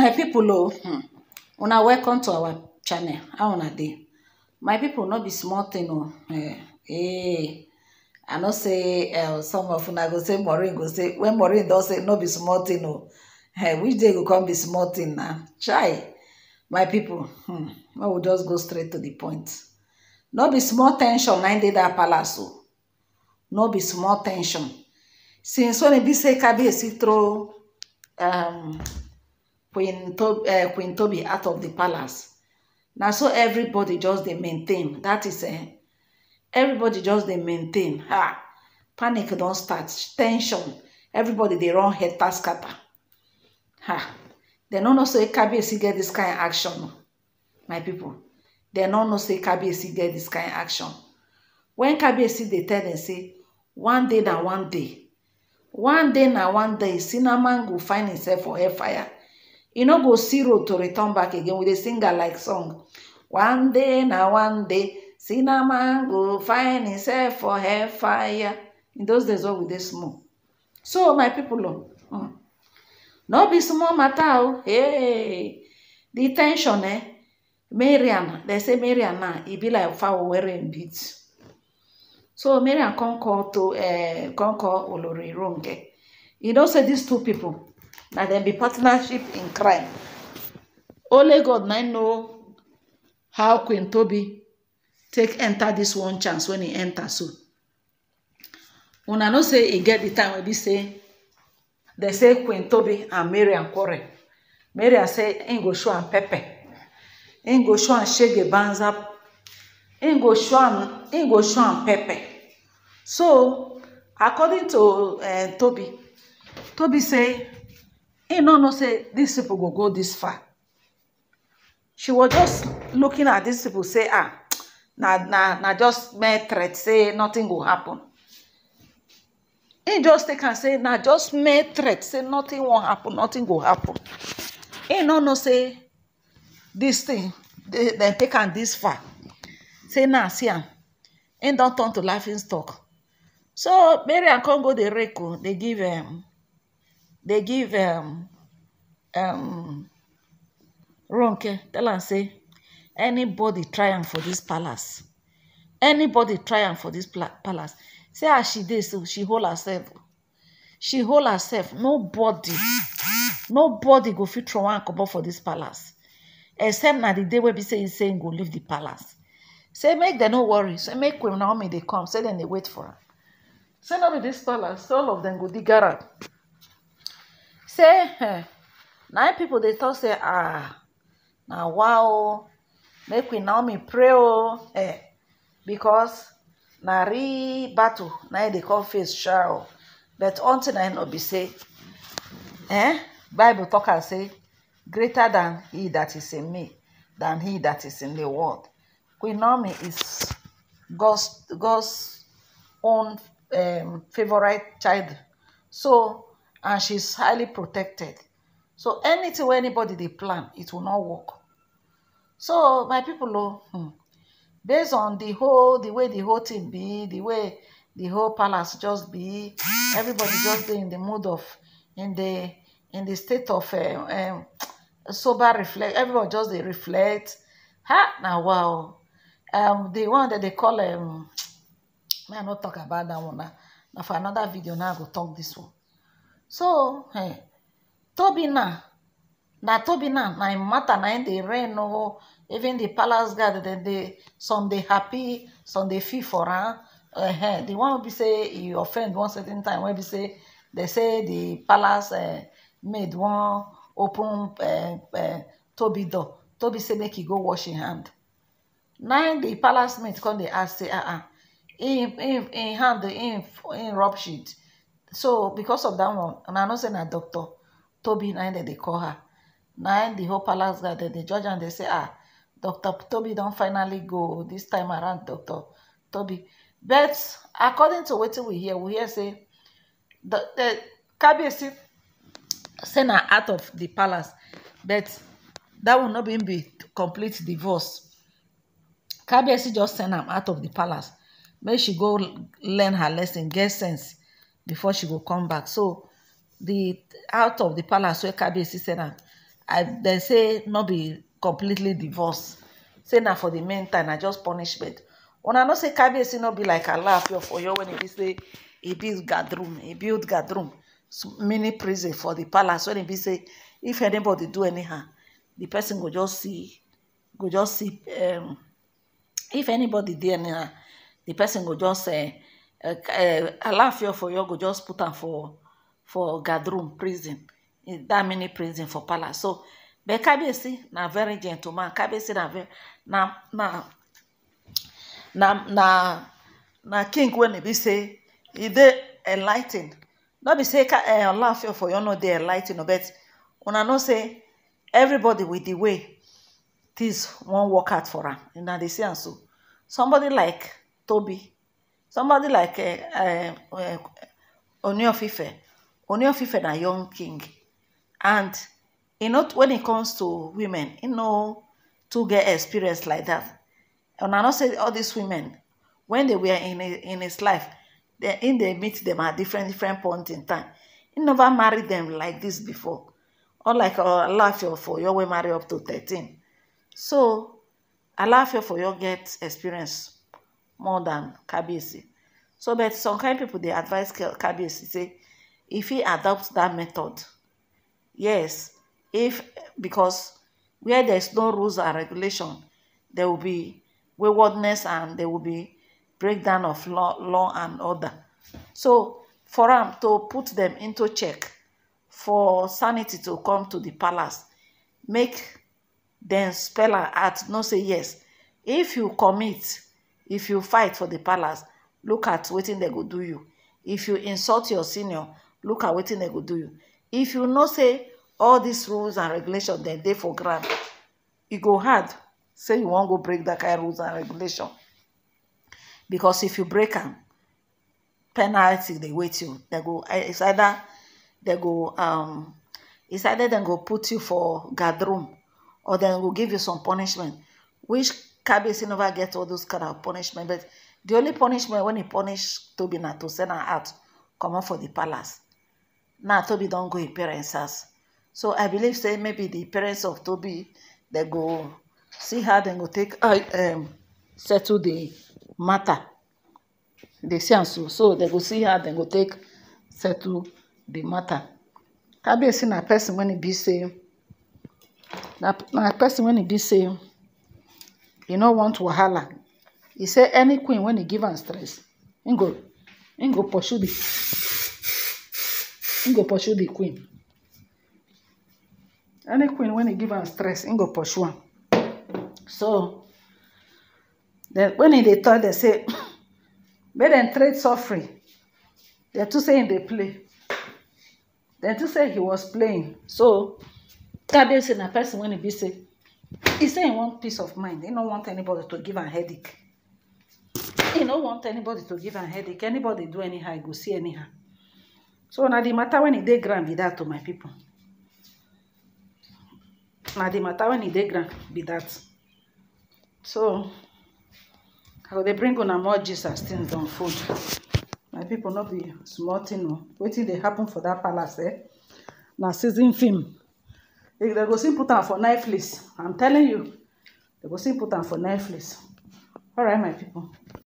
my people oh hmm, una welcome to our channel how una dey my people no be small thing oh eh, eh i know say uh, some of una go say maureen go say when maureen don say no be small thing oh eh, which day go come be small thing na nah? chai my people hmm, i will just go straight to the point no be small tension Nine day that palace oh no be small tension since when e be say kabiyesi throw um, queen toby uh, queen toby out of the palace Now, so everybody just dey maintain that is eh everybody just dey maintain Ha! panic don't start Tension. everybody they run helter scatter Ha! They no know so kabiyesi get this kind action my people They no know say kabiyesi get this kind action when kabiyesi they tell them say one day na one day one day na one day sinaman will find himself for hellfire You no go see road to return back again with a singer like song one day na one day cinnamon go find himself for hair fire. in those days wey we dey small so my people o mm, no be small matter Oh, hey the ten sion eh marian they say marian now e be like fowl wey rain beat so marian come call to eh, come call olori ronke you know say these two people na dem be partnership in crime only god na know how queen tobi take enter dis one chance wen e enter so una know say e get di time wey be say dem say queen tobi and marian quarrel marian say im go show am pepper im go show am shege banza im go show am im go show am pepper so according to eh, Toby, Toby say He no know say this people go go this far. She was just looking at this people say, ah, na na na just mere threat say nothing will happen. He just take and say na just mere threat say nothing wan happen, nothing will happen. He no know say this thing they, they take and this far. Say na see am. He don't turn to laughing stock. So Mary and Congo they rake oh, they dey give um, dey give um um ronke tell am say anybody try am for dis palace anybody try am for dis palace say as she dey so she hold herself she hold herself nobody nobody go fit throw am comot for dis palace except na the day wey be say e say im go leave the palace say make dem no worry say make queen naomi dey come say dem dey wait for am say no be dis palace all of dem go dig her say um na im pipo dey say ah, na wow, o make queen naomi pray oh eh, because na re battle na they call face sha o but until na no be say eh bible tok am say greater than he that is in me than he that is in the world queen naomi is god's god's own um favourite child so and she's highly protected. So anything where anybody they plan, it will not work. So my people, know, oh, hmm, based on the whole, the way the whole thing be, the way the whole palace just be, everybody just be in the mood of, in the in the state of um, um, sober reflect. Everybody just they reflect. Ha now wow, um, the one that they call um, may I not talk about that one now. Now for another video now I go talk this one. so um eh, tobina na tobina na im matter na im dey reign oo even the palace guard dem dey some dey happy some dey feel for am uh-huh. di one wey be say e offend one certain time wey be say dey say the palace uh, maid wan open uh, eh, uh, tobi door tobi say make e go wash im hand na the palace maid come dey ask say ah ah im im im hand im im rub sheet so because of that one and i know say na Doctor Toby, na im dem dey call her na im di whole palace guy dem dey judge am dey say ah dr Toby, don finally go this time around dr Toby. but according to wetin we hear we hear say the kabiyesi say na out of the palace but that one no bin be complete divorce kabiyesi just send am out of the palace make she go learn her lesson get sense before she will come back so the out of the palace wey kabiyesi send am i they say not be completely divorced. say now for the meantime I just punishment I know say kabiyesi no be like laugh for you when he be say he build guard room he build guard room mini prison for the palace when he be say if anybody do anyhow the person go just see go just see um, if anybody dey anyhow the person go just uh, Eh, eh, alaafin go just put am for for gadrum prison eh, that mini prison for palace so but kabesi na very gentleman kabesi na very na na na na na king wey e be say e dey enlightened not be say alaafin for you no dey enlightened but una know say everybody with the way things wan work out for am una dey see am so somebody like tobi somebody like eh, eh, eh, oni of ife oni of na young king and e not when e comes to women e know to get experience like that and i know say all these women when they were in in his life in they meet them at different different point in time he never married them like this before or like oh, life for ofoyo wey marry up to 13 so for ofoyo get experience more than kabiyesi so but some kind people dey advise kabiyesi say if he adopt that method yes if because where there is no rules and regulation there will be waywardness and there will be breakdown of law law and order so for am to put them into check for sanity to come to the palace make dem spell am out no say yes if you commit if you fight for the palace look at waiting they go do you if you insult your senior look at waiting they go do you if you know say all these rules and regulations they dey for ground You go hard say you won't go break that kind rules and regulation because if you break them, penalty they wait you They go it's either they go um it's either they go put you for guard room or then go give you some punishment which Kabiyesi never get all those kind of punishment but the only punishment when he punish Toby na to send her out come comot for the palace now Toby don't go him parents house so I believe say maybe the parents of Toby they go see her, then go take I uh, um, settle the matter They see and so so they go see her, then go take settle the matter Kabiyesi a person when he be say na na person when he be say. He no want wahala He say any queen when he give am stress im go im go pursue the im go pursue the queen any queen when he give am stress im go pursue am so then when he dey talk they say make dem trade suffering They too say im dey play They too say he was playing so kabir say na person when he be say He say e want peace of mind He don't want anybody to give a headache He don't want anybody to give a headache anybody do anyhow e go see anyhow so now the matter when he dey grant be that to my people. Now the matter when he dey grant be that. so how they dey bring una more Jesus things don fold my people not be small tin o oh. wetin dey happen for that palace eh Now season film dem go still put am for netflix i'm telling you dem go still put am for netflix All right, my people.